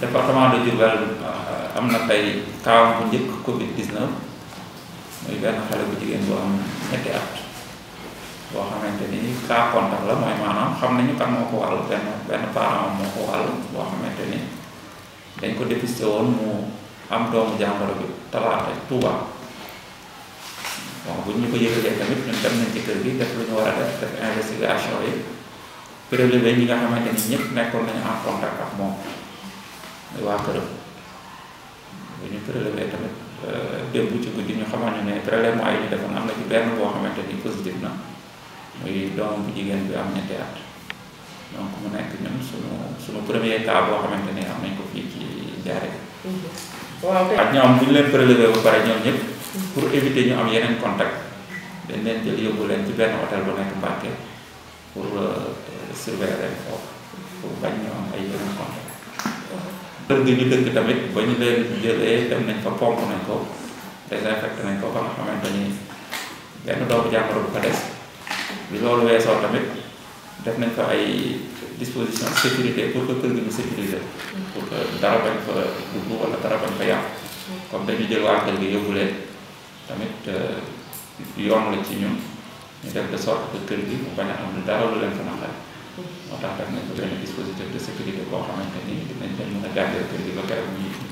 département de Diourbel euh, am na tey kaawam bu njëkk Covid 19 muy benn xale bu jigéen boo am ñetti at boo xamante ni cas contact la mooy maanaam xam nañu kan moo ko wàll benn benn parent moo ko wàll boo xamante ni dañ ko dépisté woon mu am doomu jàngoro bi talaata Touba bon bu ñu ko yëgalee tamit ñun dem nañ ci kër gi def lu ñu war a def def investigation yi prélevé ñi nga xamante ni ñëpp nekkoon nañu en contact ak moom. ak waa këram bu ñu prélevé tamit euh, démb ci guddi ñu xamal ñu ne prélèvement yi ñu defoon am na ci benn boo xamante ni positif na muy doom bu jigéen bi am ñetti at donc mu nekk ñun suñu suñu premier cas boo xamante ni am nañ ko fii ci jaare mm-hmm. waaw ak ñoom bu ñu leen prélevé ba pare ñoom ñëpp pour éviter ñu am yeneen contact dañ leen jël yóbbu leen ci benn hôtel bu nekk Mbàkke pour euh, surveiller leen foofu kër gi ñu dëkk tamit ba ñu leen jëlee dem nañ fa pomp nañ ko désinfecté nañ ko ba nga xamante ni benn doomu jàngoro bu fa des bi loolu weesoo tamit def nañ fa ay disposition sécurité pour que kër gi ñu sécuriser pour que dara bañ fa dugg wala dara bañ fa yàqu comme dañu jël waa gi yóbbu leen tamit yoon la ci ñun ñu def de sorte que kër gi mu bañ a am dara lu leen fa naqari moo tax def nañ ko benn dispositif de sécurité boo xamante ni dinañ a garder kër